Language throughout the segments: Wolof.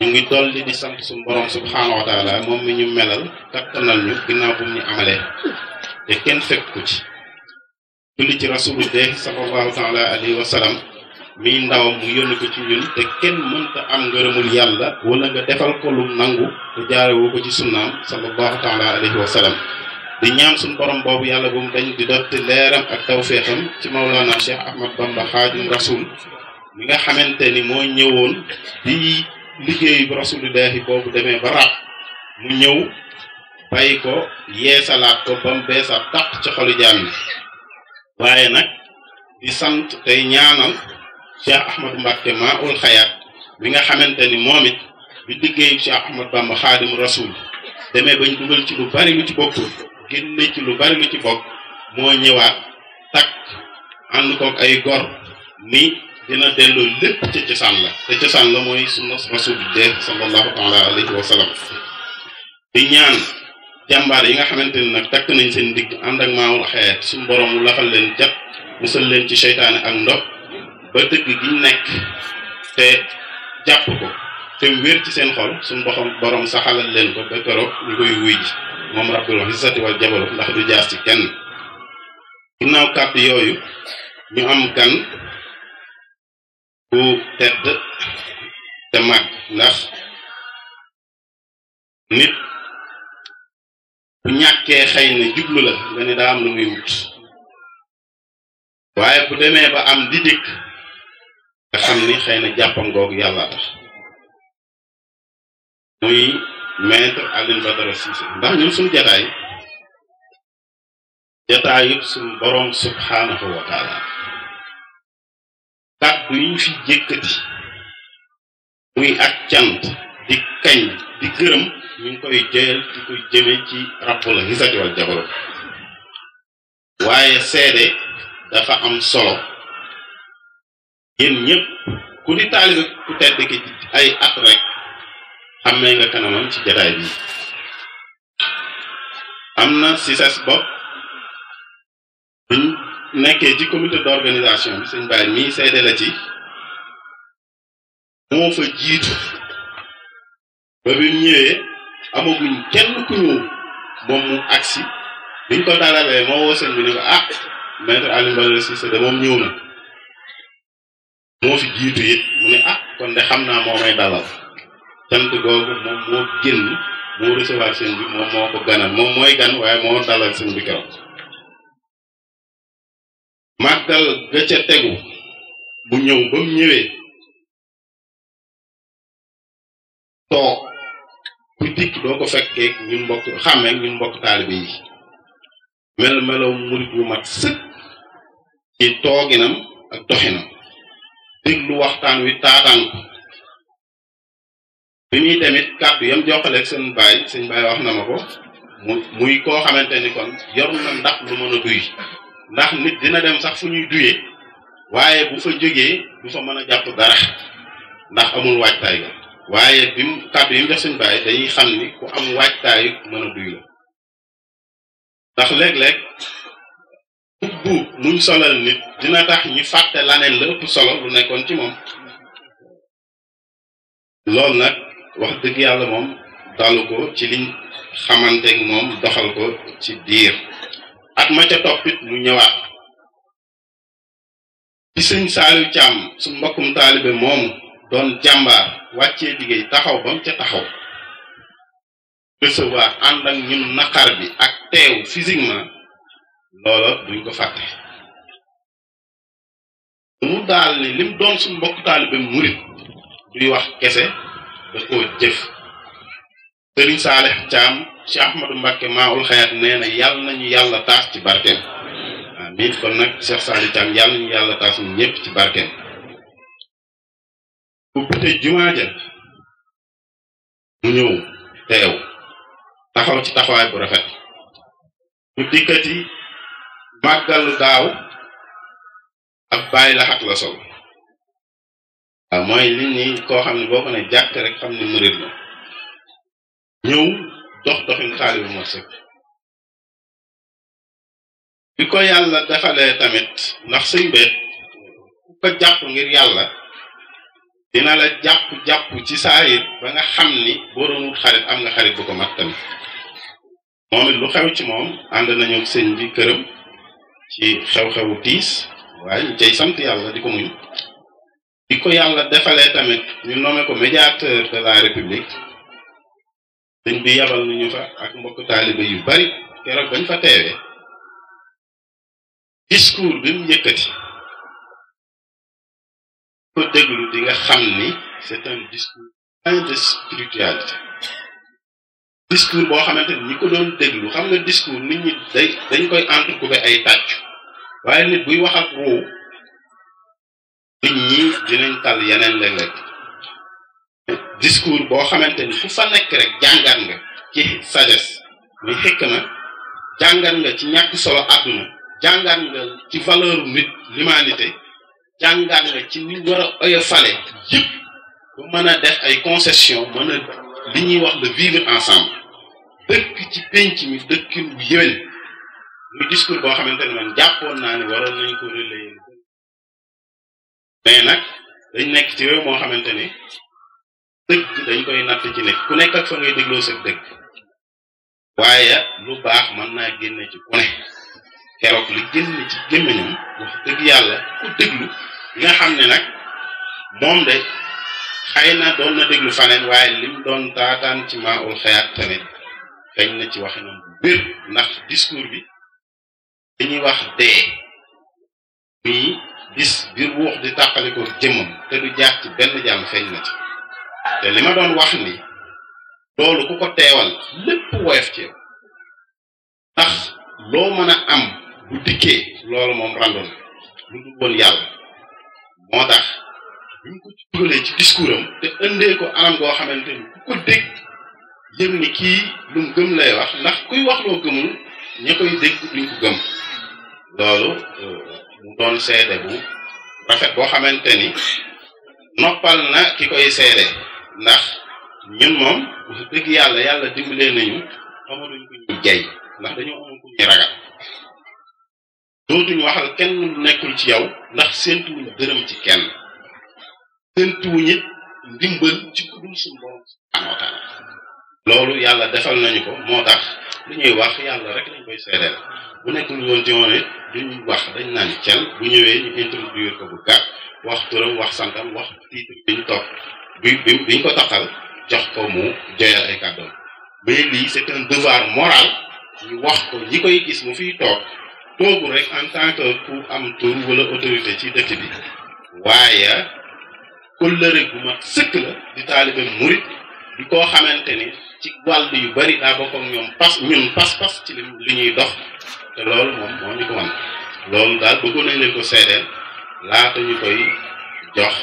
ñu ngi dolli di sant su borom subhaanahu wa moom mi ñu melal takkanal ñu ginnaaw bu ñu amalee te kenn fekku ci julli ci rasulullah sallallahu taala alayhi wa sallam mi ndawam mu yónni ci ñun te kenn mënta am ngërëmul yàlla wala nga defal ko lum nangu te jaarewoo ko ci sunnaam sallallahu taala alayhi wa sallam di ñaan suñu borom boobu yàlla bu mu dañ di dotti leeram ak tawféexam ci mawlaana cheikh ahmad bamba xaadim rasul mi nga xamante ni moo ñëwoon liggéey bu rasulillahi boobu demee ba rab mu ñëw bàyyi ko yeesalaat ko ba mu beesaat tàq ci xolu waaye di sant tey ñaanal Cheikh Ahmad Mbacke ma ul xayaat mi nga xamante ni moom bi Cheikh Ahmad Bamba xaadim rasul demee bañ dugal ci lu bari lu ci bokk génne ci lu bari lu ci bokk moo ñëwaat takk ànd koog ay gor ni dina delloo lépp ci cosaan la te cosaan la mooy sunna rasulillah sallallahu taala alayhi wa sallam di ñaan jàmbaar yi nga xamante ne nag takk nañ seen ndigg ànd ak maawul xeet suñu borom mu laxal leen jàpp musal leen ci seytaane ak ndox ba dëgg gi nekk te jàpp ko te wér ci seen xol suñu boxam borom saxalal leen ko ba keroog ñu koy wuy moom rabbul izzati wal jabarut ndax du jaas ci kenn ginnaaw kàddu yooyu ñu am gan bu tedd te mag ndax nit bu ñàkkee xëy na jublu la nga ne daa am waaye bu demee ba am di dikk nga xam ni xëy na jàppam googu yàlla tax muy maître Alioune Badara Cissé ndax ñun suñu jataay jataayub suñu boroom subhaanahu wa kàddu yi ñu fi jékkati muy ak cant di kañ di gërëm ñu koy jël di ko jëme ci rabbul xisati wal waaye seede dafa am solo yéen ñëpp ku di taalibe ku tedd ki ay at rek xammee nga kanamam ci jataay bi am na si ses bopp duñ nekkee ci comité d'organisation bi sëñ mii seede la ci moo fa jiitu ba bi mu ñëwee amaguñ kenn ku ñëw moom mu agsi biñ ko dalalee moo woo sëñ bi ni ko ah maître Alioune Badara moom ñëw na moo fi jiitu it mu ne ah kon de xam naa moo may dalal cant googu moom moo génn moo recevoir sëñ bi moom moo ko ganal moom mooy gan waaye moo dalal sëñ bi keroog màggal ga ca tegu bu ñëw ba mu ñëwee toog ku dikk doo ko fekkee ñun mbokk xàmmeek ñun mbokk taalibe yi mel melow murit wu mat sëkk ci tooginam ak doxinam déglu waxtaan wi taataan ko bi muy tamit kàddu yam joxaleeg seen baay seen baay wax na ma ko muy koo xamante ni kon yor na ndax lu mën a ndax nit dina dem sax fu ñuy duyee waaye bu fa jógee du fa mën a jàpp dara ndax amul waajtaay ga waaye bi mu kàddu yi mu def suñ xam ni ku am waajtaay mën a duy la ndax léeg-léeg bu muñ solal nit dina tax ñu fàtte laneen la ëpp solo lu nekkoon ci moom lool nag wax dëgg yàlla moom dalu ko ci liñ xamanteeg moom doxal ko ci diir at ma ca toppit mu ñëwaat ci sëñ Saaliw Caam su mbokkum taalibe moomu doon jàmbaar wàccee liggéey taxaw bam ca taxaw recevoir ànd ak ñun naqar bi ak teew physiquement loola duñ ko fàtte mu daal ni lim doon suñ mbokk taalibe murit duy wax kese da jëf sëriñ saalih caam ci ahmadu mbakke maaul xayaat nee na yàlla nañu yàlla taas ci barkeem amin kon nag cheikh saalih caam yàlla nañu yàlla taas ñu ci barkeem ubbite jumaa ja mu ñëw teew taxaw ci taxawaay bu rafet bu dikkati màggalu daaw ab bàyyi laxat la sol waaw mooy nit ñi koo xam ne boo ko jàkk rek xam ne murit la ñëw dox doxin taalibe moo si bi ko yàlla defalee tamit ndax sëñ bee ku ko jàpp ngir yàlla dina la jàpp-jàpp ci saayit ba nga xam ni boo doon xarit am nga xarit bu ko mat tamit moom it lu xew ci moom ànd nañu sëñ bi këram ci xew-xewu tiis waaye ñu cay sant yàlla di ko muñ bi ko yàlla defalee tamit ñu ko médiateur de la république sëñ bi yabal nañu fa ak mbokk taalibe yu bari keroog bañ fa teewee discours bi mu yëkkati di nga xam ni c'est discours plein de spiritualité boo xamante ni ñi doon déglu xam na discours nit ñi dañ koy entrecoupé ay tàccu waaye nit buy wax ak ruu ñi dinañ tal yeneen léeg-léeg discours boo xamante ni fu fa nekk rek jàngat nga ci sagesse muy xëkk na jàngat nga ci ñàkk solo àdduna jàngat nga ci valeur nit l'humanité jàngat nga ci ni war oyofale yëpp bu mën a def ay concession mën a li ñuy wax de vivre ensemble dëkk ci penc mi dëkkin bu yéwén muy discours boo xamante ni man jàppoon naa ne waroon nañ ko relayer mais nag dañ nekk ci réew moo xamante ni dëgg dañ koy natt ci nekk ku nekk fa ngay dégloo sa dëgg waaye lu baax mën naa génne ci ku ne keroog li génne ci gémmiñam wax dëgg yàlla ku déglu nga xam ne nag moom de xëy na doon na déglu faneen waaye lim doon taataan ci maa ul xayaat tamit feeñ na ci waxinam bu ndax discours bi dañuy wax dee muy bis biir ruux di tàqalikoo jëmmam te du jaar ci benn jàmm feeñ na ci te li ma doon wax ni loolu ku ko teewal lépp woyof ci yow ndax loo mën a am bu dikkee loolu moom randu lu dul yàlla moo tax bi ko dugalee ci te indee ko anam goo xamante ni ku ko dégg yëg ni kii lu gëm lay wax ndax kuy wax loo gëmul ña koy dégg duñ ko gëm loolu euh, mu doon seede bu rafet boo xamante ni noppal na ki koy seede ndax ñun moom wax dëgg yàlla yàlla dimbalee nañu amatuñ ku ñuy jay ndax dañoo amoon ku ñuy ragal ci yow ndax séentuwuñ dërëm ci kenn séentuwuñ loolu yàlla defal nañu ko moo tax lu ñuy wax yàlla rek lañ koy seedeel bu nekkul woon ci woon it duñ wax dañ naan cel bu ñëwee ñu introduire ko bu gàtt wax turam wax santam wax titre bi ñu topp bi bi biñ ko taxal jox ko mu joyal ay kàddoom ba lii c'est devoir moral ñu wax ko ñi koy gis mu fiy toog toogul rek en tant que pour am tur wala autorité ci dëkk bi waaye kóllëre gu ma sëkk la di taalibe murit di ko xamante ni ci wàll yu bari daa ko ak ñoom pas ñun pas-pas ci li li ñuy dox te loolu moom moo ñu ko wan loolu daal bëggoon nañ leen ko seedeel laata ñu koy jox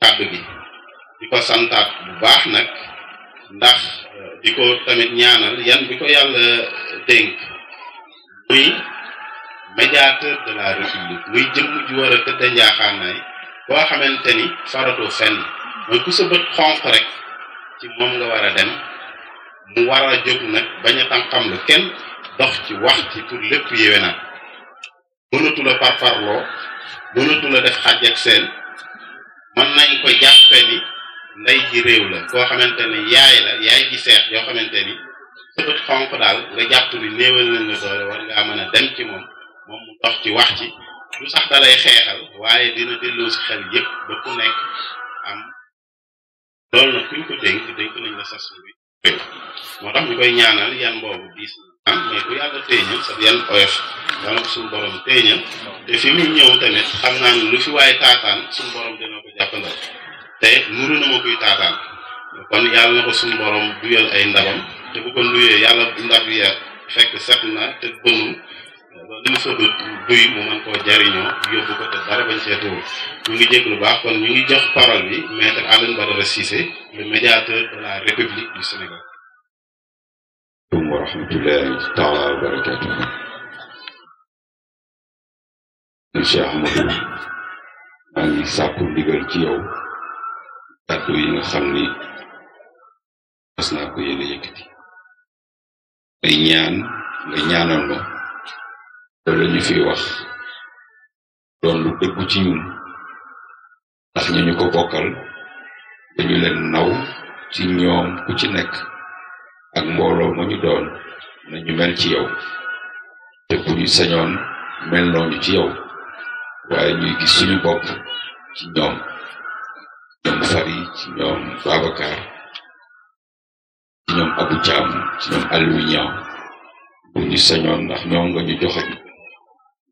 kàddu gi diko santat buah bu baax nak ndax yang eh, tamit ñaanal yan bi ko yàlla eh, dénk muy médiateur de la république muy jëm ju wara te tëdda njaaxaanaay bo xamanteni ni fenn moy ku sa bët xonq rek ci mom nga wara dem mu wara jog nak baña tam xam lu kenn dox ci wax ci pour lepp na mënatu la parparloo mënatu la def xàjj ak seen nañ ko ndey ji réew la koo xamante ne yaay la yaay ji seex yoo xamante ni bët xonq daal nga jàpp ni néewal nañ la doole war ngaa mën a dem ci moom moom mu dox ci wax ci lu sax dalay xeexal waaye dina delloo xel yépp ba ku nekk am loolu nag kuñ ko dénk dénk nañ la sas bi moo tax ah, te fi muy ñëw tamit xam naa ne lu fi waaye taataan suñu borom dina ko jàppandal te nuru na ma koy taataan kon yàlla na ko suñu borom duyal ay ndabam te bu ko nuyee yàlla ndab ya fekk set na te bënu ba li mu soog a duy mu mën koo jariñoo yóbbu ko te dara bañ see tuur ñu ngi jégg lu baax kon ñu ngi jox parole bi maître Alain Badara Cissé le médiateur de la République du Sénégal. wa rahmatullahi taala wa barakatuh. Cheikh Amadou maa ngi sàkku ndigal ci yow. kàddu yi nga xam ni fas naa ko yéene yëkkati ay ñaan nga ñu fi wax doon lu dëggu ci ñun ndax ñu naw ci ñoom nekk ak mbolo ma ñu doon nañu mel ci yow te bu ñu sañoon mel noonu ci yow waaye ñuy gis sari ci ñoom Babacar ci ñoom Abou Thiam ci ñoom Aliou Niang bu joxoñ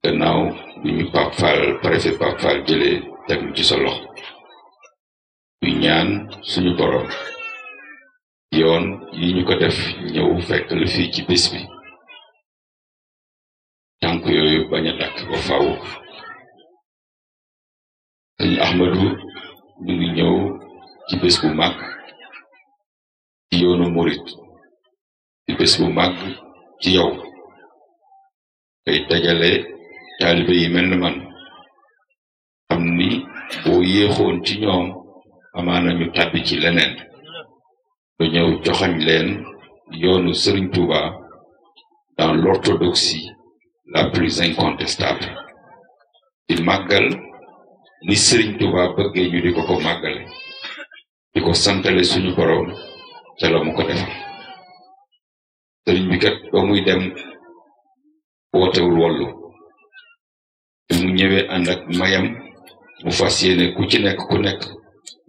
gannaaw bu ñu Pape Fall préfet Pape Fall jëlee ci sa loxo suñu borom yoon yi ñu ko def ñëw fekk lu fii ci bés bi tànk yooyu bañ ñu ngi ñëw ci bés bu mag ci yoonu murit ci bés bu mag ci yow kay dajale taalibe yi mel man xam ni boo yéexoon ci ñoom amaana ñu tàbbi ci leneen lu ñëw joxañ leen yoonu Serigne Touba dans l'orthodoxie la plus incontestable di màggal ni Serigne Touba bëggee ñu di ko ko màggale di ko santale suñu borom ca la mu ba muy dem wootewul wallu bi mu ñëwee ànd ak mayam fas yéene ku ci nekk ku nekk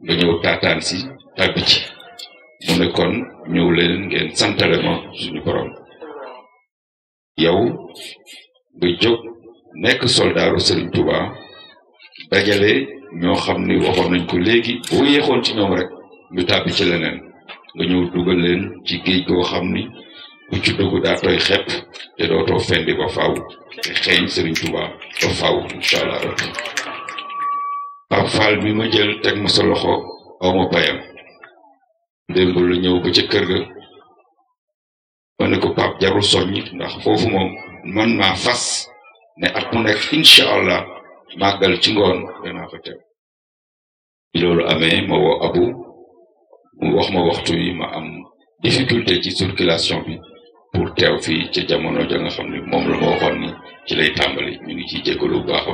nga ñëw taataan si tàbbi ci suñu borom yow nga jóg nekk soldaaru Serigne dajale ñoo xam ni waxoon nañ ko léegi rek ñu tàbbi ci leneen nga ñëw dugal leen ci géej goo xam ni bu ci te dootoo fendi ba faaw te xeeñ Serigne Touba ba faaw incha allah rabbi Pape Fall bi ma jël teg ma sa loxo aw ma payam démb lu ñëw kër ga ma ko Pape jarul soññ ndax foofu moom man maa fas ne at mu nekk allah màggal ci ngoon amee ma woo abu mu wax ma waxtu yi ma am difficulté ci circulation bi pour teew fii ca jamono ja nga xam ne moom la ma ni ci lay tàmbali ñu ngi ciy jégalu bu baax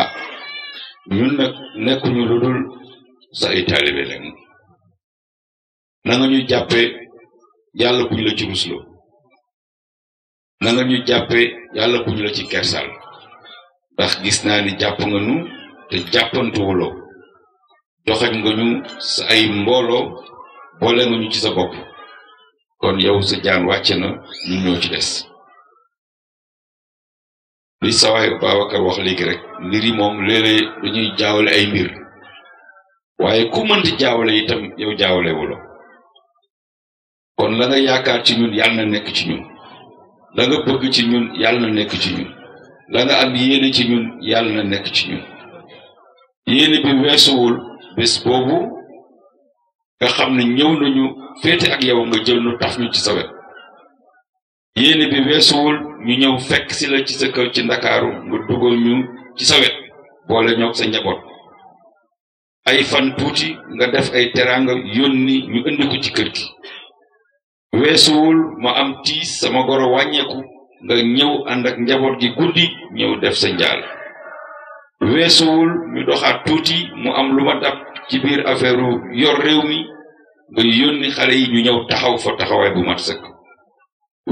ah ñun nag nekkuñu lu dul sa ay taalibe ñu jàppee yàlla buñ la ci rusloo na ñu jàppe yàlla bu ñu ci kersal ndax gis naa ni jàpp nga nu te jàppantuwuloo doxañ nga ñu sa ay mbooloo boole nga ñu ci sa bopp kon yow sa jaan wàcc na ñu ñoo ci des li sawaay Babacar wax léegi rek mbir yi moom dañuy jaawale ay mbir waaye ku mënti jaawale itam yow jaawale wulo kon la nga yaakaar ci ñun yàlla na nekk ci ñun la nga bëgg ci ñun yàlla na nekk ci ñun la nga am yéene ci ñun yàlla na nekk ci ñun yéene bi weesuwul bés boobu nga xam ne ñëw nañu féete ak yow nga jël nu taf ñu ci sa wet bi weesuwul ñu ñëw fekk si la ci sa ci ndakaaru nga dugal ñu ci sa wet boole ñoog sa njaboot ay fan tuuti nga def ay teraanga yónni ñu indi ci kër gi weesuwul moo am tiis sama goro wàññeeku nga ñëw ànd ak njaboot gi guddi ñëw def sa njaal weesuwul ñu doxaat tuuti mu am lu ma dab ci biir affaire yor réew mi nga yónni xale yi ñu ñëw taxaw fo taxawaay bu mat sëkk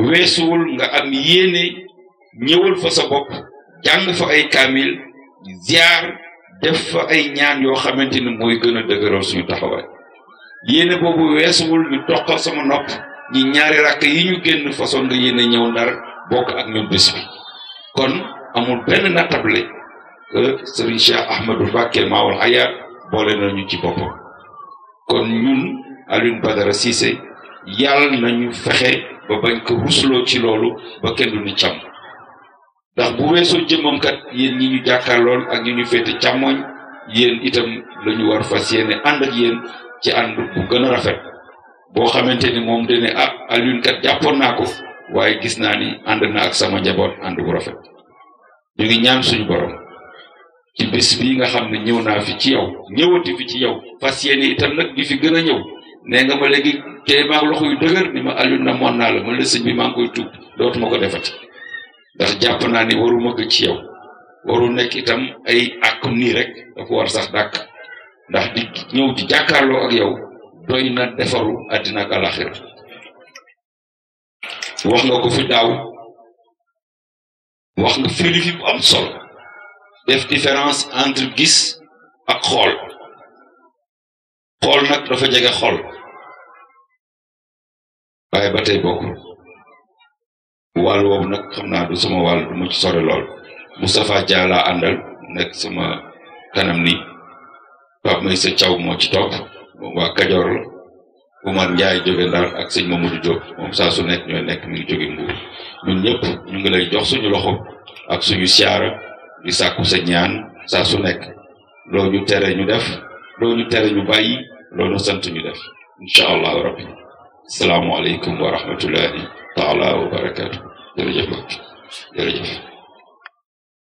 weesuwul nga am yéene ñëwal fa sa bopp jàng fa ay kaamil ziar def fa ay ñaan yoo xamante ni mooy gën a dëgëral suñu taxawaay yéene boobu weesuwul ñu toqal sama nopp ñi ñaari rak yi ñu genn façon de yene ñew ndar bok ak ñu bis bi kon amul benn natable que serigne cheikh ahmadou mawal haya aya boole ñu ci bop kon ñun alune badara sise yal nañu fexé ba bañ ko ruslo ci lolu ba kenn du ni cham ndax bu weesoo jëmmam kat yeen ñi ñu jàkkaar lool ak ñu ñu fété càmmoñ yeen itam lañu war fasiyene and ak yeen ci and bu gëna rafet boo xamante ni moom dane ah Alioune kat jàppoon naa ko waaye gis naa ni ànd na ak sama njaboot ànd bu rafet ñu ngi ñaan suñu borom ci bés bii nga xam ne ñëw naa fi ci yow ñëwati fi ci yow fas yéene itam nag di fi gën a ñëw nee nga ma léegi te maa loxo naa la man la sëñ bi maa ngi koy tuub dootuma ko defati ndax jàpp naa ni waru ko ci yow waru nekk itam ay àq nii rek dafa war sax dàkk ndax di ñëw di jàkkaarloo ak yow doy na defaru àddina ak alaxira wax nga ko fi wax nga firi am solo def différence entre gis ak xool xool nag dafa jege xool waaye ba tey bokkul wàll woowu nag xam naa du sama wàll du ma ci sore lool Moustapha Dia laa kanam ni Pape Maysa Thiaw moo ci topp moom waa Kajoor la Oumar Ndiaye jóge Ndar ak sëñ Mamadou Diop moom saa su nekk ñooy nekk mu ngi jóge Mbuur ñëpp ñu ngi lay jox suñu loxo ak suñu siyaara di sàkku sa ñaan saa su nekk loo ñu tere ñu def loo ñu tere ñu bàyyi loo ñu sant ñu def incha allahu rabbi salaamualeykum wa rahmatullahi taala wa barakaatu jërëjëf